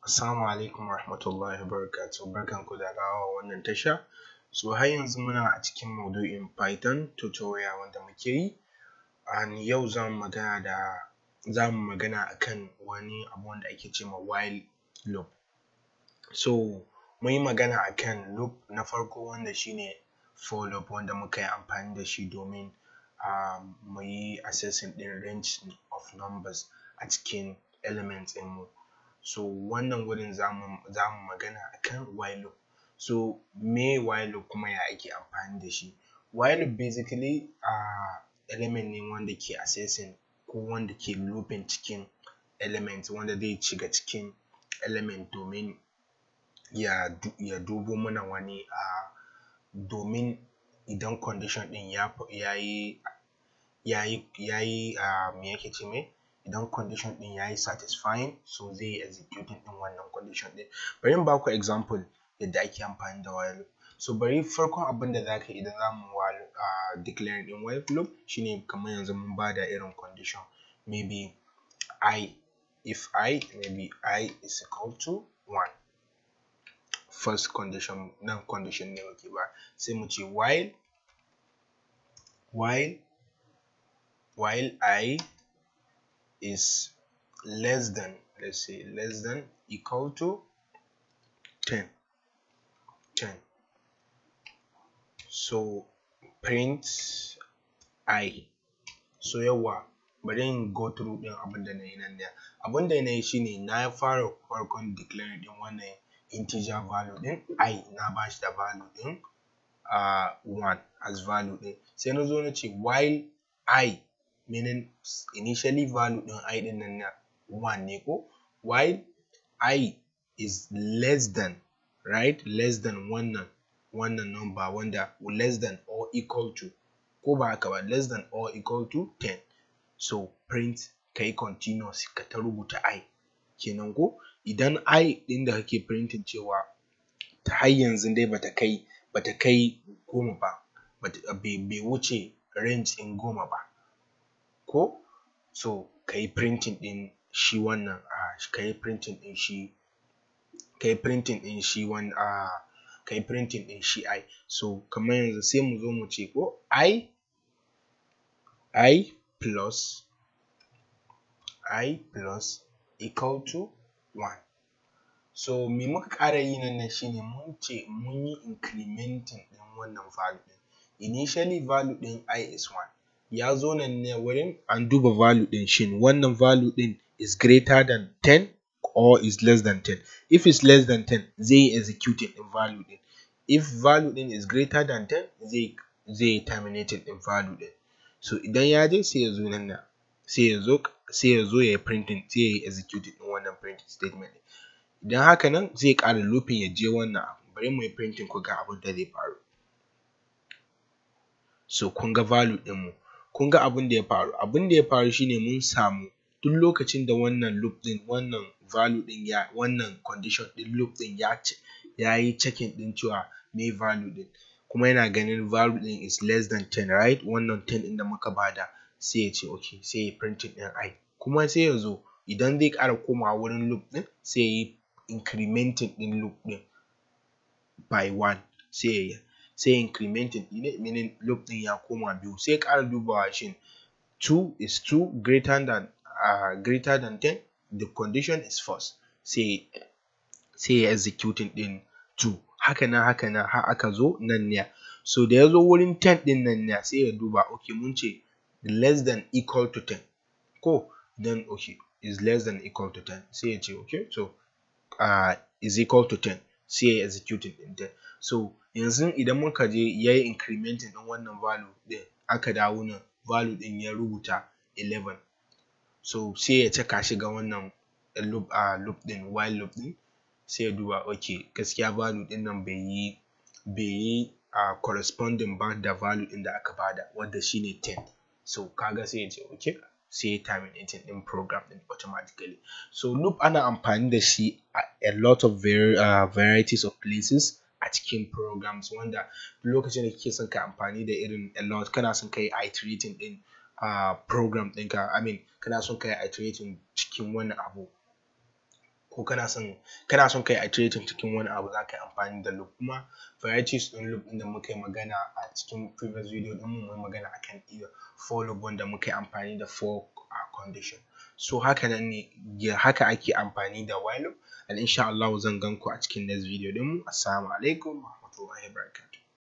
Assalamu alaikum warahmatullahi wabarakatuh barkanku da dawowa wannan tasha so har yanzu muna a cikin maudu'in python tutorial wanda muke yi and yau za mu magana da za mu magana akan wani abu wanda ake ce ma while loop so mun yi magana akan loop na farko wanda shine for loop wanda muka yi amfani da shi domin Um, mu yi accessing ɗin range of numbers a cikin elements ɗin mu so wannan wurin za mu magana akan while loop so me while loop kuma ya ake amfani da shi while loop basically ah, element ne wanda ke accessing ko wanda ke looping cikin element wanda zai shiga cikin element domin ya, dubo mana wani uh, domin idan condition ɗin ya yi yayi yayi uh, me yake ce mai idan condition din yayi satisfying so zai executing din wannan condition din bari in baku example yadda ake amfani da while loop so bari farkon abin da zaka yi idan zamu while uh, ah, declaring din while loop shine kamar yanzu mun bada irin condition maybe i if i maybe i is equal to 1 first condition nan condition ne muke ba sai mu ce while while while i is less than let's say less than equal to 10 10 so print i so yawa bari in go through din abin da na yi nan abin da na yi shine na fara farkon declare din wannan integer value din i na bashi da value din uh, ah, one as value din sai na zo na ce while i meaning initially value ɗin i ɗin nan na 1 ne ko while i is less than right less than wannan wannan number wanda less than or equal to ko ba haka ba less than or equal to 10 so print ka yi continuous ka ta rubuta i kenan ko idan i ɗin da kake printing cewa ta har yanzu dai bata kai bata kai goma ba bai wuce range ɗin goma ba ko so ka yi printing ɗin shi wannan a ka yi printing ɗin shi ka yi printing ɗin shi wannan. a ka yi printing ɗin shi i so kamar yanzu sai mu zo mu ce ko i i plus i plus equal to 1 so me muka ƙara yi nan nan shine mun ce mun yi incrementing ɗin wannan value ɗin initially value ɗin i is 1 ya zo nan ne wurin an duba value ɗin shin wannan value ɗin is greater than 10 or is less than 10 if is less than 10 zai yi din ɗin value ɗin if value ɗin is greater than 10 zai zai yi din ɗin value ɗin so idan ya je sai ya zo nan na sai ya zo sai ya zo ya yi printing sai ya yi executing wannan printing statement idan haka nan zai ƙara looping ya je wannan abu bari mu yi printing ku ga abin da zai faru so kun ga value ɗin mu kun ga abin da ya faru abin da ya faru shine mun samu duk lokacin da wannan loop ɗin wannan value ɗin ya wannan condition ɗin loop ɗin ya ya yi checking ɗin cewa me value ɗin kuma yana ganin value ɗin is less than 10 right wannan 10 ɗin da muka bada sai ya ce okay sai ya printing ɗin i kuma sai ya zo idan zai ƙara komawa wurin loop ɗin sai ya yi incrementing ɗin loop ɗin by 1 sai ya yi sai incrementing ɗine meaning loop ɗin ya koma biyu sai ƙara dubawa shin 2 is 2 greater than uh, greater than 10 the condition is false sai sai ya executing ɗin 2 haka nan haka nan har aka zo nan ne so da ya zo wurin 10 ɗin nan ne sai ya duba okay mun ce less than equal to 10 ko then okay is less than equal to 10 sai ya ce okay so uh, is equal to 10 sai yayi executing ɗinta so yanzu idan muka je yayi incrementing ɗin wannan value ɗin aka dawo nan value ɗin ya rubuta 11 so sai ya caka shi ga wannan loop a loop ɗin while loop ɗin sai ya duba okay gaskiya value ɗin nan bai yi bai a corresponding ba da value ɗin da aka bada wanda shine 10 so kaga sai ya ce okay sai ya terminating din program din automatically so loop ana amfani da shi a, lot of uh, varieties of places a cikin programs wanda lokacin da kike son ka amfani da irin a lot kana son kai iterating din uh, program ɗinka i mean kana son kai iterating cikin wani abu ko kana son kana son kai iterating cikin wani abu za ka yi amfani da loop kuma varieties ɗin loop ɗin da muka yi magana a cikin previous video ɗin mu magana akan iya for loop wanda muka yi amfani da for condition so haka nan ne haka ake amfani da while loop and insha Allah zan gan a cikin next video ɗin mu assalamu alaikum wa rahmatullahi wa